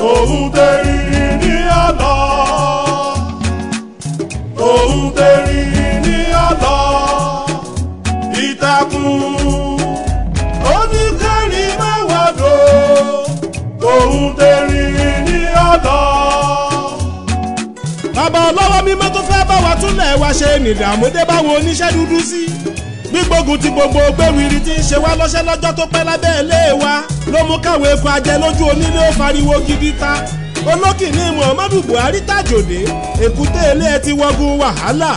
òun tẹ̀rí ní àná òun tẹ̀rí ní àná ìtàkùn oníkẹ́rin mẹ́wàá dò òun tẹ̀rí ní àná. bàbá ọlọ́wọ́ mi mọ́tò báwa túnlẹ̀ wa ṣe nìdààmú dé báwo oníṣẹ́ dúdú sí gbígbógun ti gbogbo gbéwìrì tí ń ṣe wá lọ́ṣẹ́ lọ́jọ́ tó pẹ́ lábẹ́ ilé wa ló mú káwọn eku ajẹ lójú onílé ó fariwo gidi ta olókìní muhammadu buhari tàjòdè èkúté ilé ẹ ti wọgun wàhálà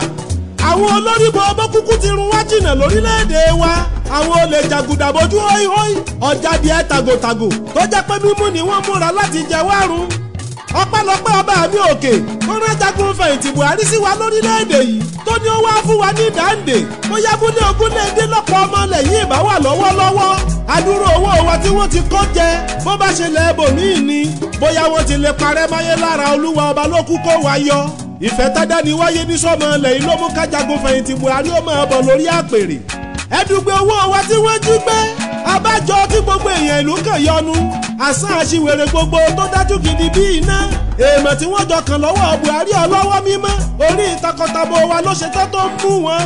àwọn olórí bọ́ọ̀bọ́ kúkú ti run wá jìnnà lórílẹ̀‐èdè wa àwọn olè jàgùdà bójú hóíhóí ọ̀jáde ẹ̀ tàgòtàgò tó jẹ́ pé mímú ni wọ́n múra láti jẹ wárùn-ún ọpẹ́lọpẹ́ ọba àmì òkè tó rán jagun fẹ̀yìntì buhari sí wa lórílẹ̀‐èdè yìí tó ní ó wá fún wa ní ìdáǹdè ó yá gúnlé ogúnlé dé lọ́pọ̀ ọmọ ilẹ̀ yìí bá wà lọ́wọ́lọ́wọ́ adúrú owó wọn tí wọ́n ti kó jẹ bó bá ṣe lẹ́ bòmíì ni bóyá wọ́n ti lè parẹ́ máyé lára olúwa ọba ló kó wa yọ ìfẹ́ tádá ni wáyé ní sọ́mọ ilẹ̀ yìí ló mú kájagun fẹ̀yìntì buhari ó máa bọ̀ lórí àpèrè ẹ̀dùgbẹ́ owó wa tí wọ́n jí gbé abájọ tí gbogbo èèyàn ìlú kàn yọnu àṣà àṣìwèrè gbogbo tó dájú gidi bí iná èèmọ̀ tí wọ́n jọ kàn lọ́wọ́ Buhari ọlọ́wọ́ mímọ́ orí ìtakọ̀tabo wa ló ṣe tán tó ń mú wọn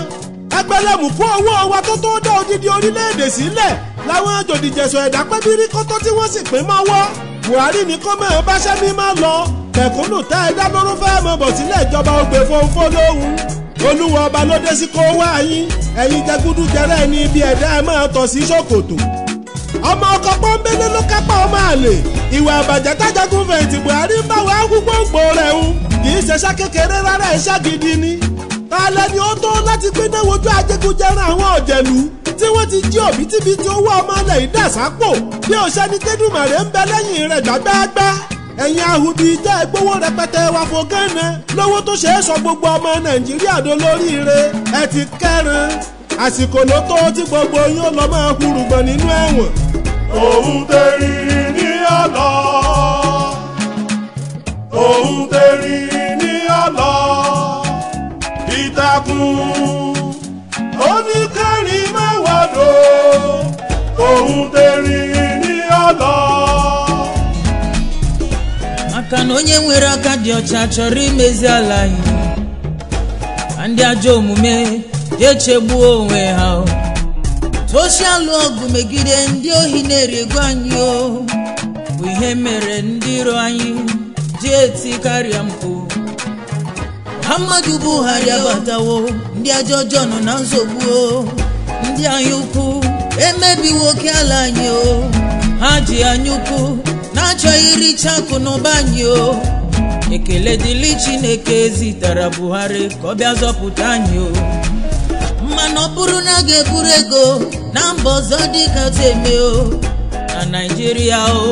agbẹlẹmù fún owó wa tó tó dá odidi orílẹ̀-èdè sílẹ̀ làwọn jòdìjẹ̀sọ̀ ẹ̀dá pẹ́bírí kótó tí wọ́n sì pín mọ́wọ́ Buhari ní kó mọ̀ ọ́n báṣẹ́ mi máa lọ tẹ̀kúnnù tá ẹ dá lóró fẹ́ mọ̀ bọ̀ sílẹ̀ ìjọba ògbè fòǹfò lóhùn olúwa ọba ló dé sí kó wá yín ẹ̀yin jẹgúdú jẹrẹ ní ibi ẹ̀dá ẹ máa tọ̀ sí ṣòkòtò ọmọ ọkọ̀ pọ́nbélé ló kápá ọmọ àlè ìwà àbàjẹ́ tájagun fẹ̀yìntì Buhari ń báwo arúgbó ń gbòòrẹ̀ ń kì í ṣe ṣàkékeré rárá ẹ̀ ṣàgídí ni alẹ́ ni ó tó láti gbéná wojú ajégúnjẹrà àwọn ọ̀jẹ̀lú tí wọ́n ti jí òbítíbitì owó ọmọ ilẹ̀ yìí dà sápò bí òṣèlú tẹ́dùmọ̀rẹ́ ń bẹ lẹ́yìn rẹ̀ gbágbáágbá ẹ̀yin ahubi jẹ́ ìgbówó rẹpẹtẹ wa fò lówó tó ṣeé sọ gbogbo ọmọ Nàìjíríà dolóríire ẹ ti kẹrin àsìkò ló tó tí gbogbo yín ó lọ máa hurùgbọ̀n nínú ẹ̀wọ̀n. òun tẹ̀rí ní àlọ́ òun tẹ̀rí ní àlọ́ ìtàkùn oníkẹ́rin mẹ́wàdó òun tẹ̀rí ní àlọ́. maka na onye nwere aka dị ọcha chọrọ imezi ala anyị na ajọ omume echegbuo onwe ha tosialụ ọgụ megide ndị ohi na-eri anyị o bụ ihe mere ndị iro anyị ji eti karịa mpụ ha mmadụ buhari abatawo ndị ajọ ọjọọ nọ na nsogbu o ndị anyaukwu emebiwo oke ala anyị o ha ji anyị ukwu na-achọghị iricha akụ na ụba anyị o ekele dịli chineke zitara buhari ka ọ bịa zọpụta anyị o bụrụ na ga-eburu ego na mba ọzọ dị kacha eme o na naijiria o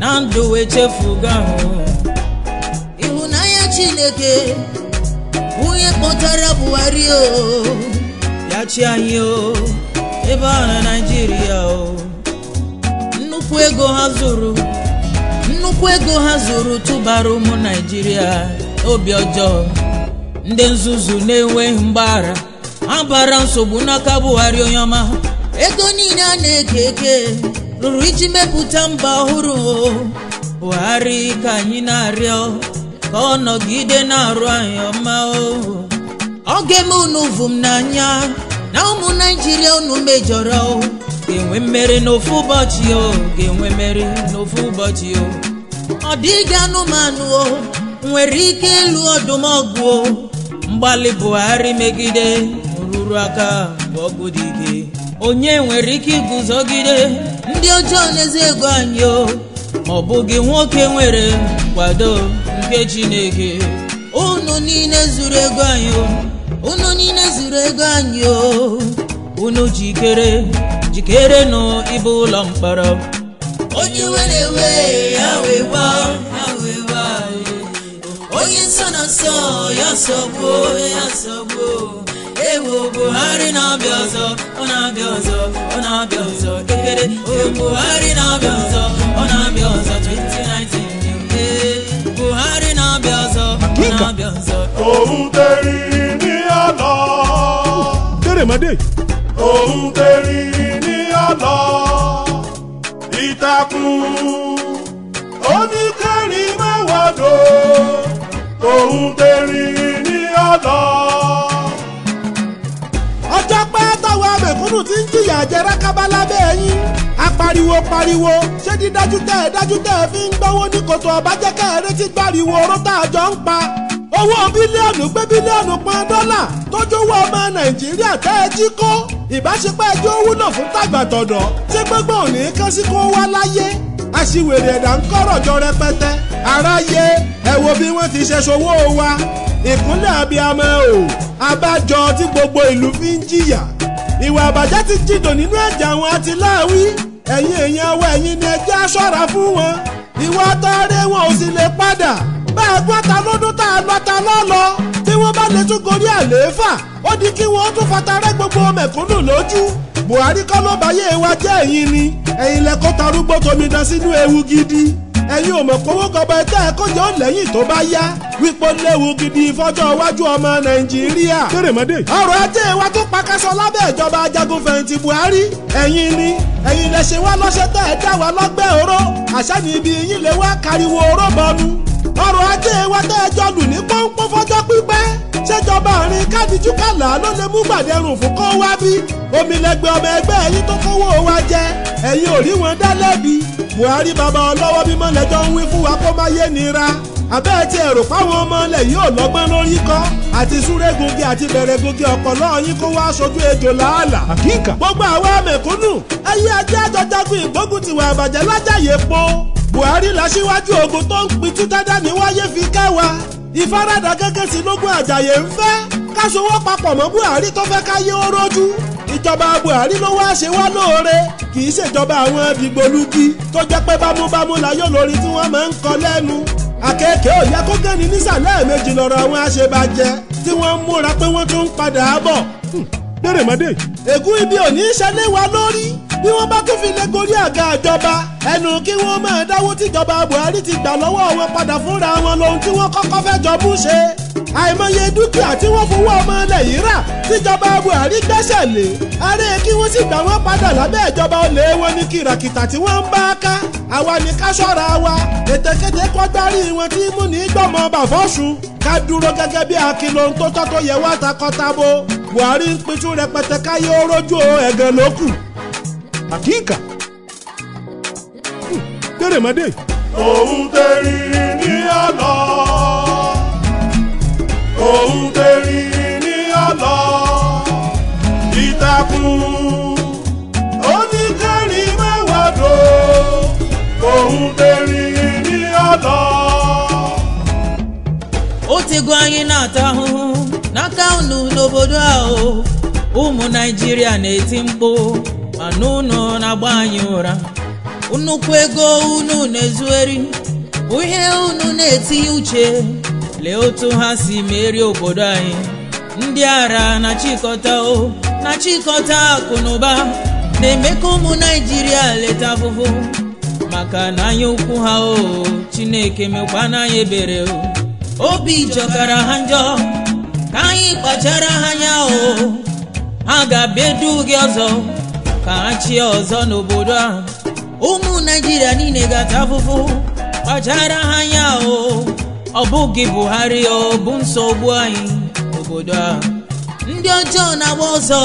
na ndụ wee chefugo ahụ ịhụnanya chineke onye kpọtara buhari o bịachi anyị o ebe ahụ na naijiria o nnukwu ego ha zụrụ nnukwu ego ha zụrụ tụbara ụmụ naijiria obi ọjọọ ndị nzuzu na-enweghị mgbaghara Abara nsogbu n'aka buhari onye ego niile a na-eke eke rụrụ iji mepụta mba ọhụrụ buhari ka anyị na-arịọ ka ọ nọgide na-arụ anyị ọma oge m unu vum n'anya na ụmụ naijiria unu mejọrọ ga-enwe mmeri n'ofu ụbọchị o ga-enwe mmeri n'ofu ụbọchị o ọ dịghị anụmanụ o nwere ike ịlụ ọdụm ọgwụ mgbalị buhari megide ruru aka mgbe ọgụ dị ike onye nwere ike iguzogide ndị ọjọọ n'ezi ego anyị o ọ bụghị nwoke nwere nkwado nke chineke unu niile zuru ego anyị o unu niile zuru ego anyị o unu jikere jikere nụ ịbụ ụlọ mkpara? onye were wee ya wee gbaa onye nsọ na nsọ ya sọgbuo ya sọgbuo ewo Buhari na-abịa ọzọ ọ na-abịa ọzọ ọ na-abịa ọzọ kekere ewo Buhari na-abịa ọzọ ọ na-abịa ọzọ 2019 ee eh, Buhari na-abịa ọzọ ọ na-abịa ọzọ. òun tẹ̀rí ní ọ̀nà. òun tẹ̀rí ní ọ̀nà ìtàkùn oníkẹ́rin mẹ́wàá dò òun tẹ̀rí ní ọ̀nà. mẹ̀kúnnù tí ń jìyà jẹ rákábá lábẹ́ ẹ̀yìn apariwo pariwo ṣé dídájú tẹ́ ẹ dájú tẹ́ ẹ fi ń gbówó ní kòtò ọ̀bájẹ́kẹ́ ẹ retí gbàriwo oró tá a jọ ń pa owó bílíọ̀nù gbé bílíọ̀nù pọn dọ́là tójú wọ ọmọ nàìjíríà tẹ́ ẹ jí kó ìbáṣepọ̀ ẹjọ́ wúlò fún tàgbà tọ̀dọ̀ ṣé gbogbo òní kan sí kó wá láyé aṣiwèrè ẹ̀dá ń kọ́rọ̀ jọ rẹpẹtẹ aráyé ẹ wo bí wọ́n ti ṣe ṣòwò wa ìkúnlẹ̀ abiyamọ o abájọ tí gbogbo ìlú fi ń jìyà ìwà àbàjẹ́ ti jìnnà nínú ẹ̀jẹ̀ àwọn àti láàwí ẹ̀yin èèyàn ọwọ́ ẹ̀yin ni ẹjẹ́ aṣọ́ra fún wọn ìwà tọ́rẹ́ wọn ò sì lè padà bá a gbọ́ ta lọ́dún tá a lọ́ta lọ́lọ́ tí wọ́n bá lè tún gorí àlééfà ó di kí wọ́n tún fatarẹ́ gbogbo mẹ̀kúnnù lójú Buhari kọ́ ló báyé wa jẹ́ ẹ̀yin ni ẹ̀yin lẹ́kọ́ tarúgbó tomidan sínú ewu gidi ẹ̀yin ò mọ̀ kówó gọbẹ tẹ́ ẹ kójọ lẹ́yìn tó bá yá wípé léwu gidi fọ́jọ́ iwájú ọmọ nàìjíríà. kérèmọdé. ọ̀rọ̀ ajé wa tó pakásọ lábẹ́ ìjọba ajagun fẹ̀yìntì buhari ẹ̀yin ni ẹ̀yin lè ṣe wá lọ́ṣẹ́ tẹ́ ẹ dá wa lọ́gbẹ́ oró àṣà ni ibi yín lè wá kariwo oró bọnu ọ̀rọ̀ ajé wa tẹ́ ẹ jọ lù ní pọ́npọ́n fọ́jọ́ pípẹ́ ṣèjọba àárín kádìjú kàlà ló lè mú gbàdẹrùn fún kó wá bí omi lẹgbẹ ọmọ ẹgbẹ́ yín tó kówó wa jẹ ẹ̀yin ò rí wọn dá lẹ́bi Buhari bàbá ọlọ́wọ́ bímọ lẹ́jọ́ ń wí fún wa kó má yé nira abẹ́ ti ẹ̀rù fáwọn ọmọ ilẹ̀ yìí ò lọ́gbọ́n lórí kọ́ àti súrégungi àti bẹ̀rẹ̀gungi ọ̀pọ̀lọ́ yín kó wá aṣojú ejò làálà. àkíkà. gbogbo àwa mẹ̀kúnnù ẹyẹ ajé àjọjágun ìgbógun tiwa àbàjẹ́ lájàyè po Buhari làṣíwájú ogun tó ń pitú dáadáa níwáyé fi kẹ́ ìfaradà gẹ́gẹ́ sí lógún àjàyè ń fẹ́ ká ṣòwò papọ̀ mọ́ Buhari tó fẹ́ ká yé ó rójú ìjọba Buhari ló wáá ṣe wá lóore kì í ṣèjọba àwọn dìgbòlugi tó jẹ́ pé bámúbámú la yóò lórí tí wọ́n máa ń kọ lẹ́nu àkekèé ò yẹ kó gẹ́ni nísàlẹ̀ méjì lọ́rọ̀ àwọn àṣebàjẹ́ tí wọ́n ń múra pé wọ́n tún ń padà bọ̀. bẹ́rẹ̀ hm, mọ́dé. ègún ibi ò ní í ṣẹlẹ̀ wa lórí bí wọ́n bá kẹ́fìn lé gorí àga ìjọba ẹnu kí wọ́n máa dáwó tíjọba Buhari ti gbà lọ́wọ́ wọn padà fúnra wọn lóhun tí wọ́n kọ́kọ́ fẹ́ jọ bú ṣe àìmọye dúkìá tí wọ́n fowó ọmọ ilẹ̀ yìí rà tíjọba Buhari gbẹ́sẹ̀ lé aré kí wọ́n sì gbà wọ́n padà lábẹ́ ìjọba olè wọn ní kìràkìtà tí wọ́n ń bá ká àwa ní ká ṣọ́ra wa ètekéte kọ́gbárí wọn tí mú ní gbọ́mọ bàfọ́sùn ká dúró gẹ́gẹ́ bí akínú ohun tó tọ́ tó yẹ wá takọ́tabo Buhari ń pitú rẹpẹtẹ àkíkà tẹ̀rẹ̀mọdé. òun tẹ̀rìrì ní ọ̀lọ́ òun tẹ̀rìrì ní ọ̀lọ́ ìtàkùn oníkẹ́rin mẹ́wàá dò òun tẹ̀rìrì ní ọ̀lọ́. ó ti gwa anyị na atọ ahụhụ na unu n'obodo ahụ ụmụ naijiria na-eti mkpu mana unu na-agba anyị ụra nnukwu ego unu na-ezueri bụ ihe unu na-etinye uche lee otu ha si merie obodo anyị ndị ara na chịkọta o na chịkọta akụ na ụba na-eme ka ụmụ naijiria leta afụfụ maka na anya ukwu ha o chineke mekwa n'anya ebere o obi jọkara ha njọ ka anyị kpachara ha anya o ha ga-abịa edu gị ọzọ ka ha chie ọzọ n'obodo ahụ ụmụ naijiria niile ga-ata afụfụ kpachara ha anya o ọ bụghị buhari ọ bụ nsogbu anyị obodo ahụ ndị ọjọọ na-agba ọzọ.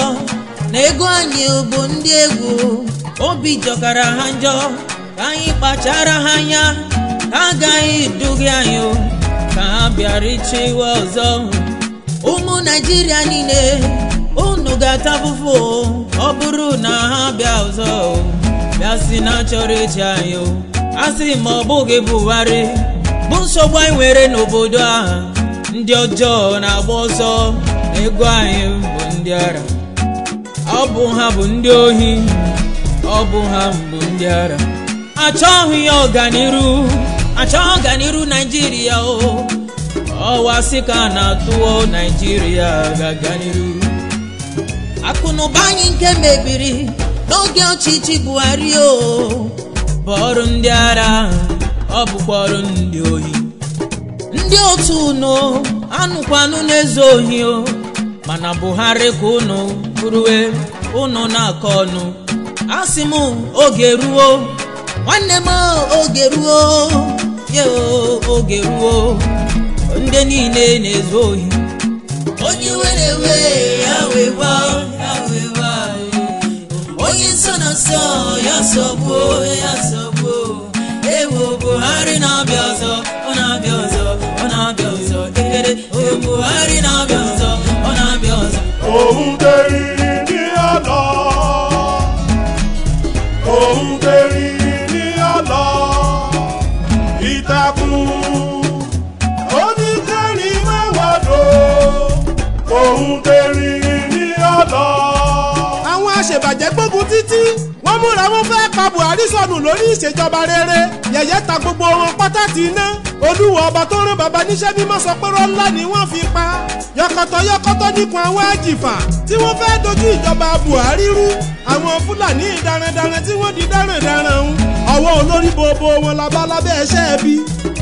na ego anyị bụ ndị egwu obi jọkara ha njọ ka anyị kpachara ha anya agaghị edughị anyị ka ha bịara ịchịwa ọzọ ụmụ naijiria niile unu ga-ata fụfụ ọ bụrụ na ha bịa ọzọ bịa si na achọrọ echi anyị o asị ma ọ bụghị Buhari bụ nsogbu anyị nwere n'obodo ahụ ndị ọjọọ na-agba ọsọ ego anyị bụ ndị ara ọ bụ ha bụ ndị ohi ọ bụ ha bụ ndị ara achọghị ya ọganiru achọghị ọganiru Naijiria o ọwa sị ka na-atụwo Naijiria ga-aga akụnụba anyị nke mebiri n'oge ọchịchị buhari o bụ ọrụ ndị ara ọ bụkwa ọrụ ndị ohi ndị otu unu anụkwanụ n'ezo ohi o mana buhari ka unu bụrụwe ụnụ na-akọ ọnụ asị m oge ruo nwanne m oge ruo ye oge ruo ndị niile na ezo ohi onye were ya wee gbaa ọsọ ya sọgbuo ya sọgbuo ewu buhari na-abịa ona o ona na-abịa ọzọ wo buhari na-abịa ona ọ onísọnù lórí ìṣèjọba rere yẹ̀yẹ́ ta gbogbo wọn pátá ti iná olúwa ọba tó rán baba níṣẹ́ mímọ́ sọ pé rọ́lá ni wọ́n fi pa yọkọ̀tọ̀ yọkọ̀tọ̀ nìkan àwọn àjìfà tí wọ́n fẹ́ dojú ìjọba buhari rú àwọn fúlàní darandaran tí wọ́n di darandaran ń ọwọ́ olórí bobo wọn labalábẹ́ ẹṣẹ́ bí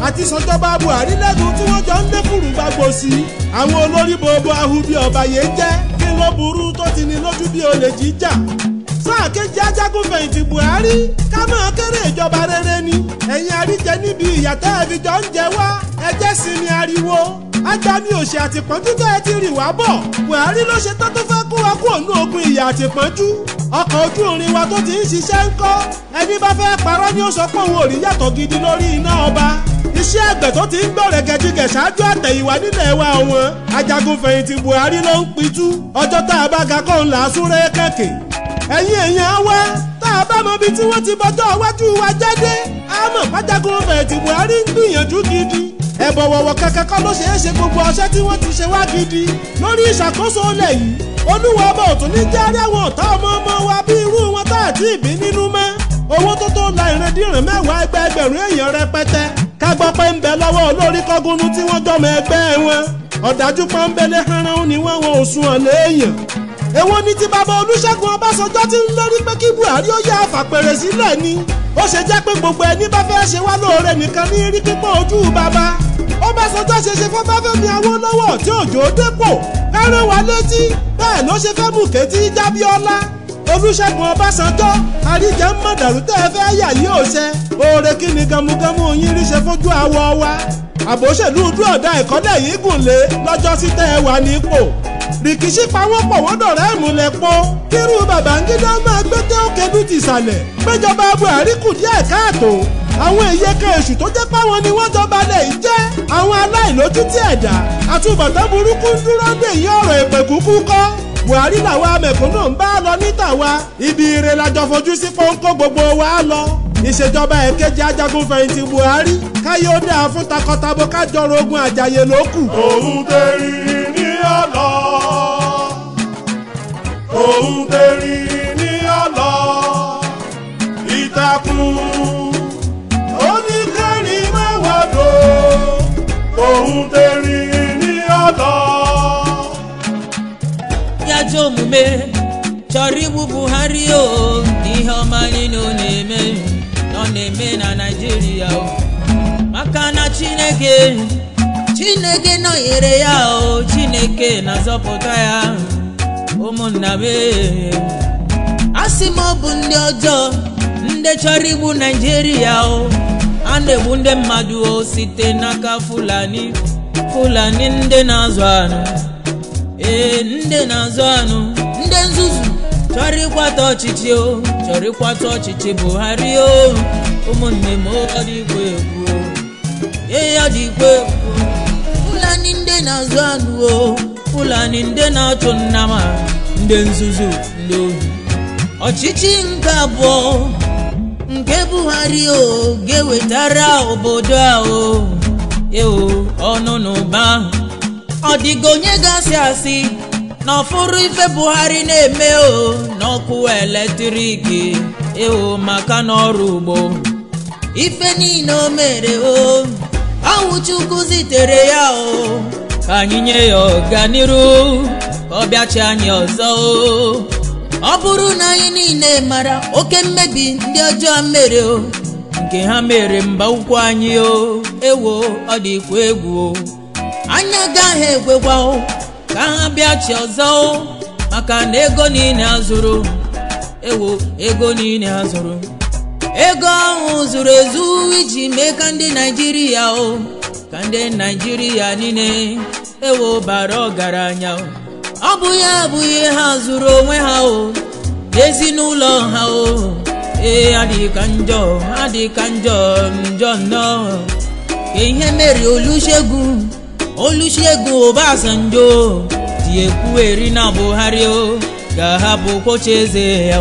àti sọjọba buhari lẹ́gùn tí wọ́n jọ ń dé gbàgbó sí i àwọn olórí bobo ahubi ọ̀bàyé jẹ́ kí ló burú tó ti ní lójú bí olè jíjà igbákejì ajagun fẹ̀yìntì Buhari ká máa kéré ìjọba rere ni ẹ̀yin àríjẹ níbi ìyàtọ̀ ẹ̀fíjọ ń jẹ wá ẹjẹ́ sinmi ariwo agbami òṣè àtìpọ́njú tẹ́ ẹ ti rìn wá bọ̀ Buhari ló ṣe tán tó fẹ́ kó wa kú ònú ogun ìyà àtìpọ́njú ọkọ̀ ojú irin wa tó ti ń ṣiṣẹ́ ń kọ́ ẹni bá fẹ́ parọ́ ni ó sọ pé òun ò rí yàtọ̀ gidi lórí iná ọba iṣẹ́ àgbẹ̀ tó ti ń gbọ̀rẹ̀ gẹ̀jígẹ̀ ṣáájú àtẹ̀yìnwá nílẹ̀ wa wọn ajagun fẹ̀yìntì Buhari ló ń pitú ọjọ́ tá a bá ga kó ń rẹ́ kẹ̀kẹ́ ẹ̀yin èèyàn wa tá a bá mọ ibi tí wọ́n ti bọ́jọ́ iwájú wa jáde a pátákó fẹ̀yìntì Buhari ń gbìyànjú gidi ẹ̀bọ̀ wọ̀wọ̀ kankan kọ́ ló ṣeé ṣe gbogbo ọṣẹ́ tí wọ́n ti ṣe wá gidi lórí ìṣàkóso ilẹ̀ yìí olúwa ọba òtún ní járe àwọn ọ̀tá ọmọ ọmọ wa bí irú wọn tá àti ìbí nínú mọ́ owó tó tó la ìrandíran mẹ́wàá ẹgbẹ́ ẹgbẹ̀rún èèyàn rẹpẹtẹ ká gbọ́ pé ń bẹ lọ́wọ́ olórí kọ́gúnú tí wọ́n jọmọ ẹgbẹ́ wọn ọ̀dájú pọ́ńbélé haran ni wọ́n wọn ò sun ọ̀lẹ́ èèyàn èwo ni ti bàbá Olúṣẹ́gun Ọbásanjọ́ ti ń lérí pé kí Buhari ó yá fàpẹ̀rẹ̀ sílẹ̀ ni ó ṣe jẹ́ pé gbogbo ẹni bá fẹ́ ṣe wá lóore nìkan ní rí pípọ̀ ojú bàbá Ọbásanjọ́ ṣe ṣe fún Fẹ́mi Awólọ́wọ̀ tí òjò dépò fẹ́ràn wá létí bẹ́ẹ̀ ló ṣe fẹ́ mú kétí Jábíọ́lá Olúṣẹ́gun Ọbásanjọ́ àríjẹ́ ń mọ̀ dàrú tẹ́ ẹ fẹ́ yà yí òṣẹ oore kí ni gamugamu yín rí ṣe fojú àwọ̀ wa àbòṣèlú dúọ̀dá ìkọ́lẹ̀ yìí gùn lé lọ́jọ́ sí tẹ́ ẹ wà nípò rìkíṣí pawọ́ pọ̀wọ́dọ̀ rẹ̀ múlẹ̀ pọ́ kírú Babangida máa gbẹ́jẹ́ òkè bí sàlẹ̀ péjọba Buhari kù díẹ̀ káàtó àwọn èyíká èṣù tó jẹ́ páwọn ni wọ́n jọba lẹ̀ ń jẹ́ àwọn aláìlójútì ẹ̀dá àtúbọ̀tán burúkú ń dúró dè yí ọ̀rọ̀ èpè kọ́ Buhari làwa mẹ̀kúnnù ń bá lọ níta wa ibi ire lajọ fojú sí pọ́ńkó gbogbo wa lọ ìṣèjọba ẹ̀kejì ajagunfẹ̀yìntì Buhari káyé ó dáa fún takọtabo kájọrò ogun àjàyè ló òun tẹ̀rí ní ọ̀nà òun tẹ̀rí ní ọ̀lọ́ ìtàkùn oníkẹ́rin mẹ́wàdó òun tẹ̀rí ní ọ̀lọ́. yájọ omume chọrọ igbu buhari o n'ihe ọma niile ọ na-eme ọ na-eme na naijiria o maka na chineke chineke nọnyere ya o chineke na-azọpụta ya ụmụnna m asị m ọ bụ ndị ọjọọ ndị chọrọ igbu naijiria a na-egbu ndị mmadụ o site n'aka fulani fulani ndị na-azụ anụ ee ndị na-azụ anụ ndị nzuzu chọrọ ịkwata ọchịchị o chọrọ ịkwata ọchịchị buhari o ụmụnne m ọ dị egwu ee ya dị igwe egwu fulani ndị na-azụ anụ o fulani ndị na-achụ nnama ndị nzuzu ndị ọchịchị nke abụọ nke Buhari o ga-ewetara obodo ahụ eo ọnụ na ụba ọ dịgo onye gasị asị na ọfụrụ ife Buhari na-eme o n'ọkụ eletrik eo maka n'ọrụ ugbo ife niile o mere o ọwụ zitere ya o ka anyị nye ya ọganiru ka ọ bịachi anyị ọzọ ọ bụrụ na anyị niile mara oke mmebi ndị ọjọọ mere o nke ha mere mba ukwu anyị o ewo ọ dịkwa egwu o anyị agaghị ekwekwa o ka ha bịachi ọzọ maka na ego niile azụrụ ewo ego niile azụrụ ego ahụ zuru ezu iji mee ka ndị naijiria o ka ndị naijiria niile ewo bara ọgaranya ọ bụ ya abụghị ha zuru onwe ha o ezinụlọ ha o ee adịka njọ adịka njọ njọ nnọọ e, ihe mere olusegun olusegun obasanjo ji ekwueri na buhari o ga-ahapụkwa oche eze ya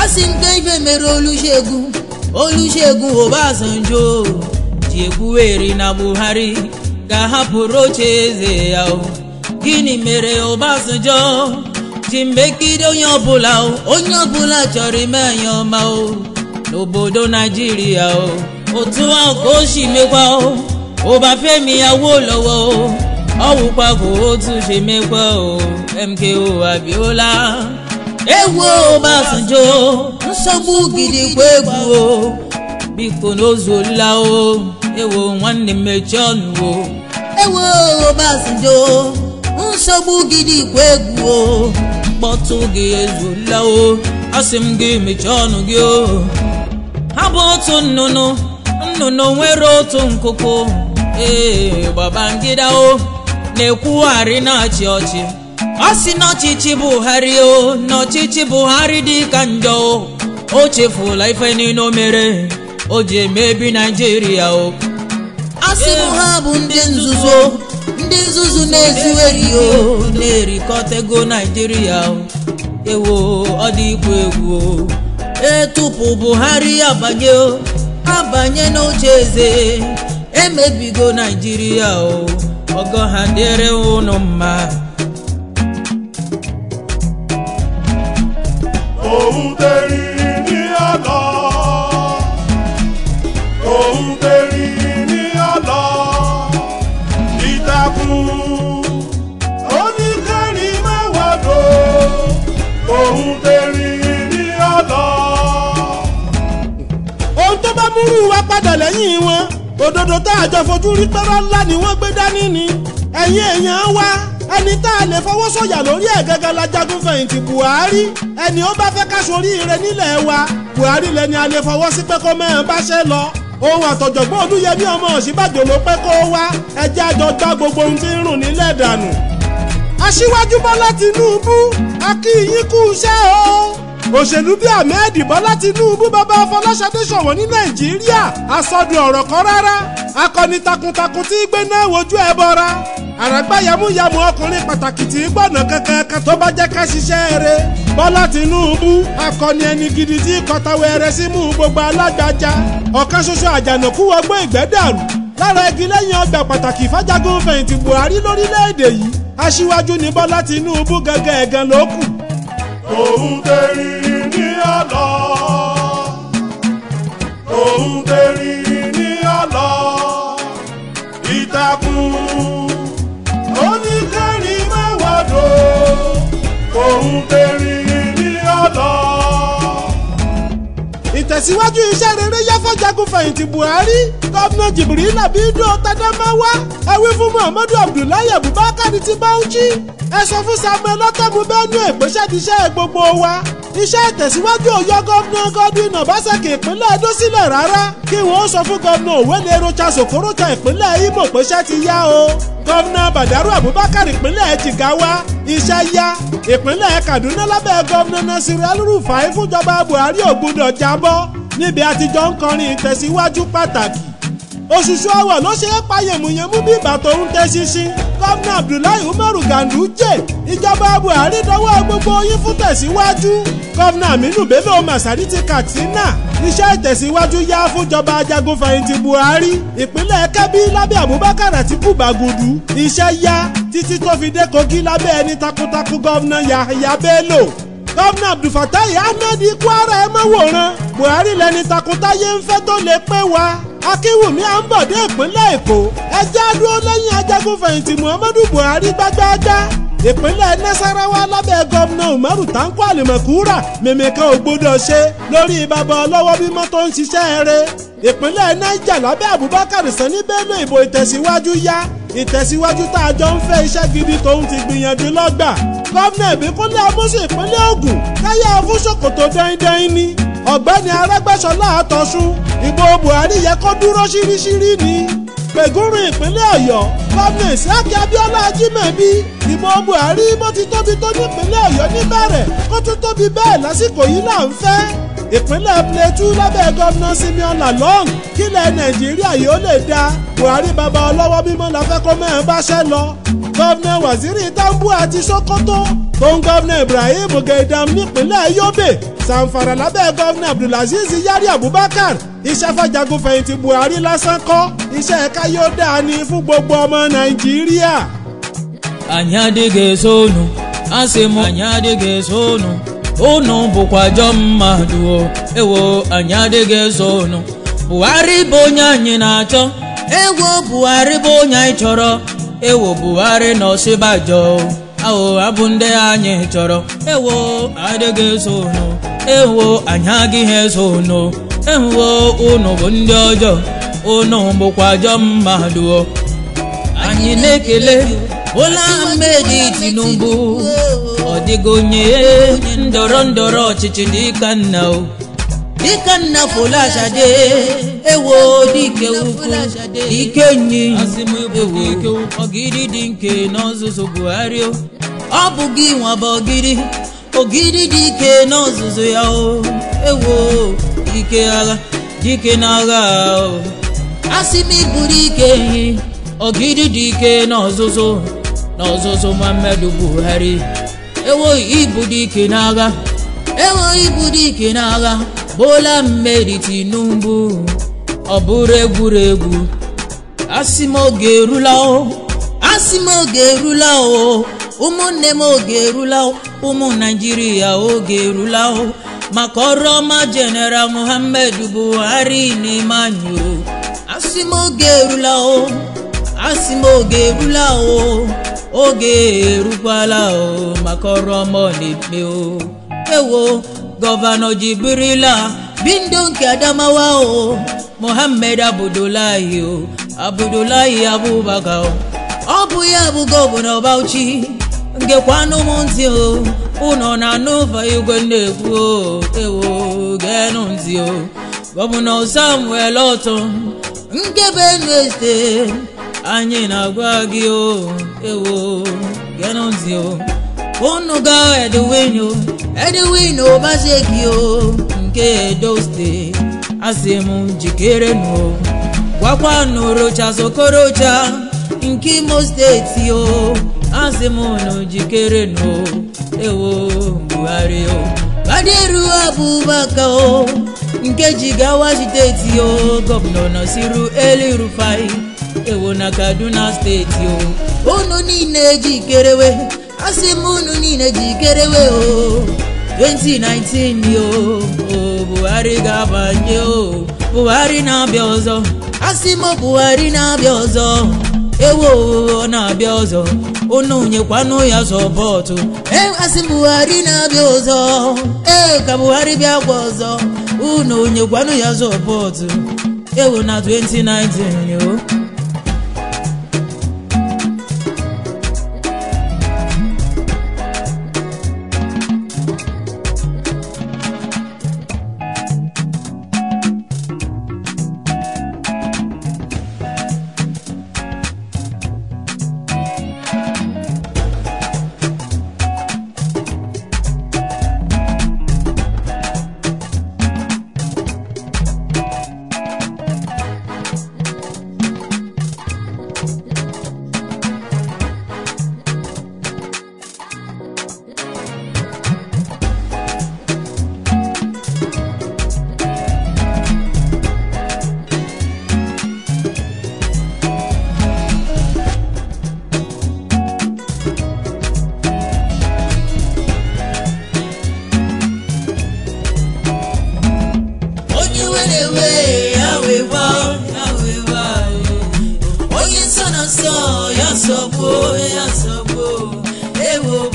a sị nke ife mere olusegun olusegun obasanjo ji ekwueri na buhari ga-ahapụrụ oche eze ya o gịnị mere Ọbasanjọ ji megide onye ọbụla onye ọbụla chọrọ ime anyị ọma o n'obodo Naijiria o otu ahụ ka o si mekwa o Ọbáfẹ́mi Awólọ́wọ̀ o ọwụkwa ka otu si mekwa o MKO Abiola ewu Ọbasanjọ nsogbu gidi egwu o biko n'ozuola o ewo nwanne m mechie ọnụ o ewu Ọbasanjọ nsogbu gị dịkwa egwu o mkpọtụ gị ezuola o asị m gị mechaa ọnụ gị o ha bụ otu nnụnụ nnụnụ nwere otu nkụkụ ee Babangida o na-ekwugharị na-achị ọchị ọ sị n'ọchịchị Buhari o n'ọchịchị Buhari dị ka njọ o chefula ife niile o mere o ji emebi Naijiria o a sị ha bụ ndị nzuzo ndị nzuzu na o na-erikọta ego naijiria ewo ọ dị ikwu egwu etupu buhari abanye abanye n'oche eze emebigo naijiria ọgọ ha dịrị ụnụ mma múrú wa padà lẹ́yìn wọn òdodo tá a jọ fojú rí pẹ́rọ́ ńlá ni wọ́n gbé dání ni ẹ̀yin èèyàn wa ẹni tá a lè fọwọ́ sọ̀yà lórí ẹ̀ gẹ́gẹ́ la jagun fẹ̀yìntì Buhari ẹni ó bá fẹ́ ká soríire nílẹ̀ wa Buhari lẹni a lè fọwọ́ sí pé mẹ́rin bá ṣe lọ ohun àtọ̀jọ̀gbọ́n Olúyẹmí ọmọ Ọ̀ṣínbàjò ló pẹ́ kó wá ẹjẹ́ àjọ gbá gbogbo ohun tí ń rùn nílẹ̀ dànù. aṣíwájú Bọ́lá Tinúbú a kí yín kú iṣẹ́ o òṣèlú bíi Ahmed Bọ́lá Tinúbú bàbá Fọláṣadé Ṣọ̀wọ́n ní Nàìjíríà asọdùn ọ̀rọ̀ kan rárá akọni takuntakun tí gbéná wojú ẹ bọra àràgbá yamuyamu ọkùnrin pàtàkì tí gbọ́nà kankan tó bá jẹ́ ká ṣiṣẹ́ rẹ̀ bọ́lá tìǹbù akọni ẹni gidi tí rẹ sí mú gbogbo alágbájá ọ̀kan ṣoṣo àjànàkú ọgbọ́n ìgbẹ́dàrú lára igi lẹ́yìn ọgbà pàtàkì buhari lórílẹ̀‐èdè yìí aṣíwájú bọ́lá gẹ́gẹ́ ló kù. òun tẹ̀rí ní ọ̀lọ́ òun tẹ̀rí ní ọ̀lọ́ ìtàkùn. òun tẹ̀rí ní ọ̀dọ́. ìtẹ̀síwájú iṣẹ́ rere yá fọ́jagun fẹ̀yìntì Buhari gómìnà jìbìrì làbídùn ọ̀tàdámáwá ẹ wí fún muhammadu abdullahi abubakar ti bauchi ẹ sọ fún samuel ọtọmú benue ìpèsè tíṣẹ́ gbogbo wa iṣẹ́ ìtẹ̀síwájú ọ̀yọ́ gómìnà godwin ọbaṣẹ́kì ìpínlẹ̀ edo sílẹ̀ rárá kí wọ́n sọ fún gómìnà òwélérò charles okorocha ìpínlẹ̀ imo ìpèsè ti yá o gómìnà badaru abubakar ìpínlẹ̀ jigawa iṣẹ́ yá ìpínlẹ̀ kaduna lábẹ́ gómìnà nasiru el-rufai fúnjọba buhari ògbúdọ̀ jábọ́ níbi àtijọ́ ń kọrin ìtẹ̀síwájú pàtàkì òṣùṣù àwọ̀ ló ṣe é pa yẹ̀mùyẹ̀mú bí ìbàtọ̀ ń tẹ́ ṣinṣin gómìnà abdullahi umaru ganduje ìjọba buhari dọwọ́ gbogbo yín fún tẹ̀síwájú gómìnà aminu bello masari ti katsina iṣẹ́ ìtẹ̀síwájú yá fúnjọba ajagun fẹ̀yìntì buhari ìpínlẹ̀ kẹ́bí lábẹ́ abubakar àtìkú bàgùdù iṣẹ́ yá títí tó fi dé kogi lábẹ́ ẹni takuntakun gómìnà yahaya bello gómìnà abdulfatai ahmed kwara ẹ mọ́wòrán buhari lẹni takuntáyé ń fẹ́ tó lè pé wa akínwùmí à ń bọ̀ dé ìpínlẹ̀ èkó ẹjẹ́ dúró lẹ́yìn ajagunfẹ̀yìntì muhammadu buhari gbágbáágbá ìpínlẹ̀ nasarawa lábẹ́ gómìnà umaru tanko alimakura mímíkan ò gbọ́dọ̀ ṣe lórí bàbá ọlọ́wọ́ bímọ tó ń ṣiṣẹ́ eré ìpínlẹ̀ niger lábẹ́ abubakar sani bello ìbò ìtẹ̀síwájú yá ìtẹ̀síwájú tá a jọ ń fẹ́ iṣẹ́ gidi tóun ti gbìyànjú lọ́gbà gómìnà ìbíkúnlẹ̀ amúsùn ìpínlẹ̀ ògùn káyà fún ṣòkòtò dáindáin ni ọ̀gbẹ́ni arẹ́gbẹ́sọlá àtọ̀sùn ìbò buhari yẹ kó dúró ṣíríṣírí ni pẹ̀gúrù ìpínlẹ̀ ọ̀yọ́ gọ́mẹ̀sì akẹ́ abíọ́lá ajímẹ̀bí ìbò buhari bó ti tóbi tó nípínlẹ̀ ọ̀yọ́ níbẹ̀rẹ̀ kó tún tóbi bẹ́ẹ̀ lásìkò yìí là ń fẹ́ ìpínlẹ̀ Plateau lábẹ́ gómìnà Simeon Lalong kílẹ̀ Nàìjíríà yìí ó lè da Buhari bàbá ọlọ́wọ́ mímọ́ la fẹ́ kó mẹ́rin bá ṣẹ́ lọ gómìnà Waziri Tambuwa ti Sokoto tó ń gómìnà Ibrahim Gaidam nípínlẹ̀ Yobe sanfara lábẹ́ gómìnà Abdulaziz Yari Abubakar iṣẹ́ fàjagun fẹ̀yìntì Buhari lásán kọ́ iṣẹ́ ẹ̀ka yóò dáa ní fún gbogbo ọmọ Nàìjíríà. ànyádìgè sónù a sì mú ànyádìgè sónù unu bụkwa ajọ mmadụ o ewo anyị adịghị eso unu Buhari bụ onye ewo Buhari bụ onye ewo Buhari na Ọsịbajọ ahụ abụ ndị anyị chọrọ ewo adịghị eso unu ewo anyị agịghị eso unu ewo unu bụ ndị ọjọọ unu bụkwa ajọ mmadụ anyị na-ekele bola tinubu ọ dịghị onye ndọrọ ndọrọ ọchịchị dịka nna dịka nna ewo dike ukwu nyi ewo nke n'ọzụzụ buhari ọ bụ gị nwa bụ ogiri, ogidi dị ike n'ozuzu ya o ewo ike agha dike n'agha o asị m iburu ike ehi ogidi dị ike n'ọzụzụ n'ọzụzụ Muhammadu Buhari ewo ibu dike n'agha ewo ibu dike n'agha Bola Mmeri Tinubu ọ bụrụ egwuregwu asị m oge erula o asị m oge erula o ụmụnne m oge erula ụmụ naijiria oge erula maka ọrụ ọma jeneral muhammed buhari na anyị asị m oge erula asị m oge erula oge erukwala o maka ọrụ ọma na-ekpe o ewo gọvanọ jibrila bindo nke adamawa o muhammed abudulahi o abudulahi abubakar ọ bụ ya bụ gọvanọ bauchi gekwanụ m ntị o ụnọ na-anụ igwe na-ekwu ewo genụ ntị o gọvanọ samuel ọtọ nke bụ enu este anyị na-agwa gị o ewo genụ ntị o unu ga edwin o edwin gị o nke edo steeti asị m jikere nụ o gwakwanụ rocha sokorocha nke imo steeti o asị m unu jikere nụ ewo Buhari o Badiru Abubakar nke Jigawa steeti o gọvanọ Nasiru El Rufai ewo na Kaduna steeti o unu niile jikerewe asị m unu niile jikerewe o 2019 o Buhari ga-abanye o Buhari na-abịa ọzọ asị m Buhari na-abịa ọzọ ewu owuwe na-abịa ọzọ unu nyekwanụ ya sọpọtụ e, asị buhari na-abịa ọzọ ee ka buhari bịa kwa ọzọ unu nyekwanụ ya sọpọtụ ewu na 2019 yo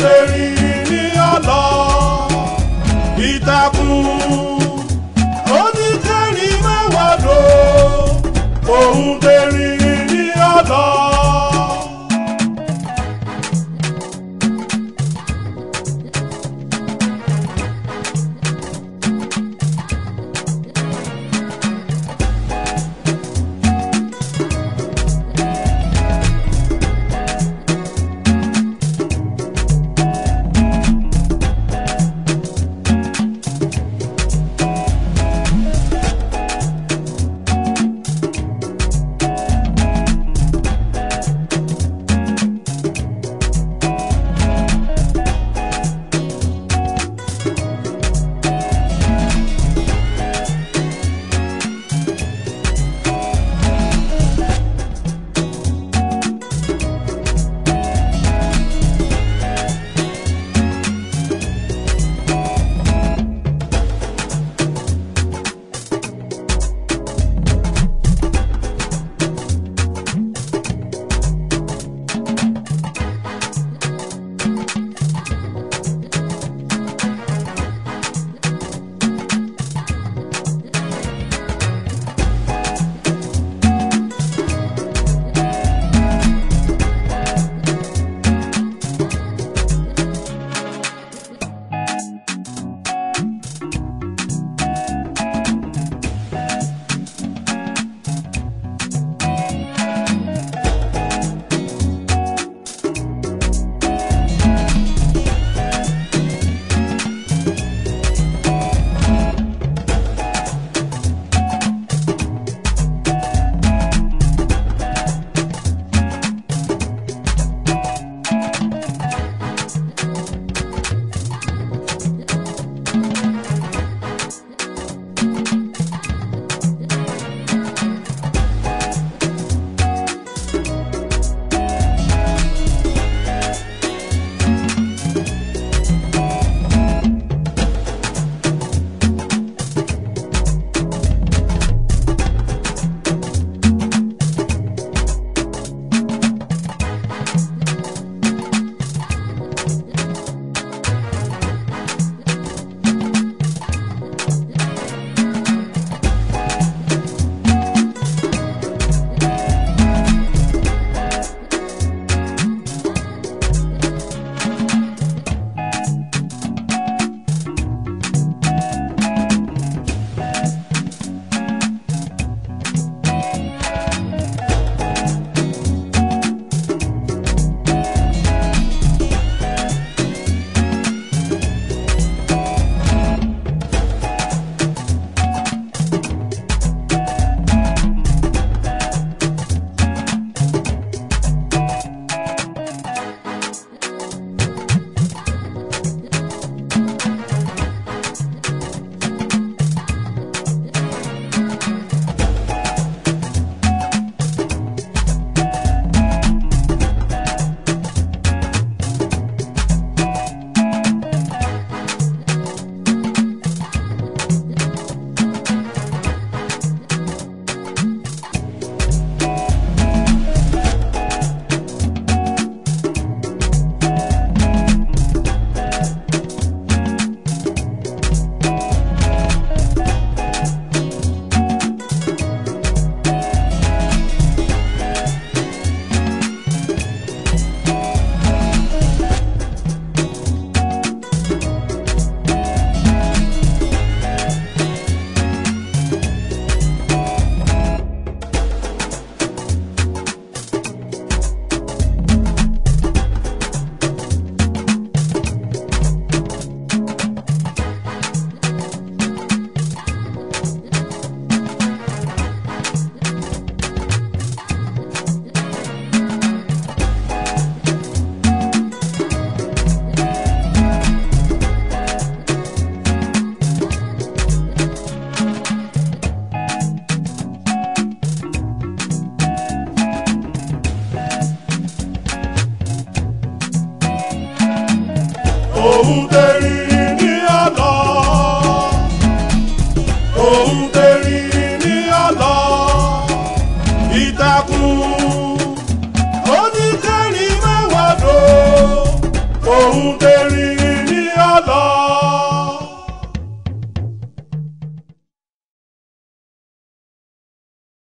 bèrè ní ọ̀lọ́ ìtàkùn onítẹ̀rí mẹ́wàá lò òun bèrè ní ọ̀lọ́.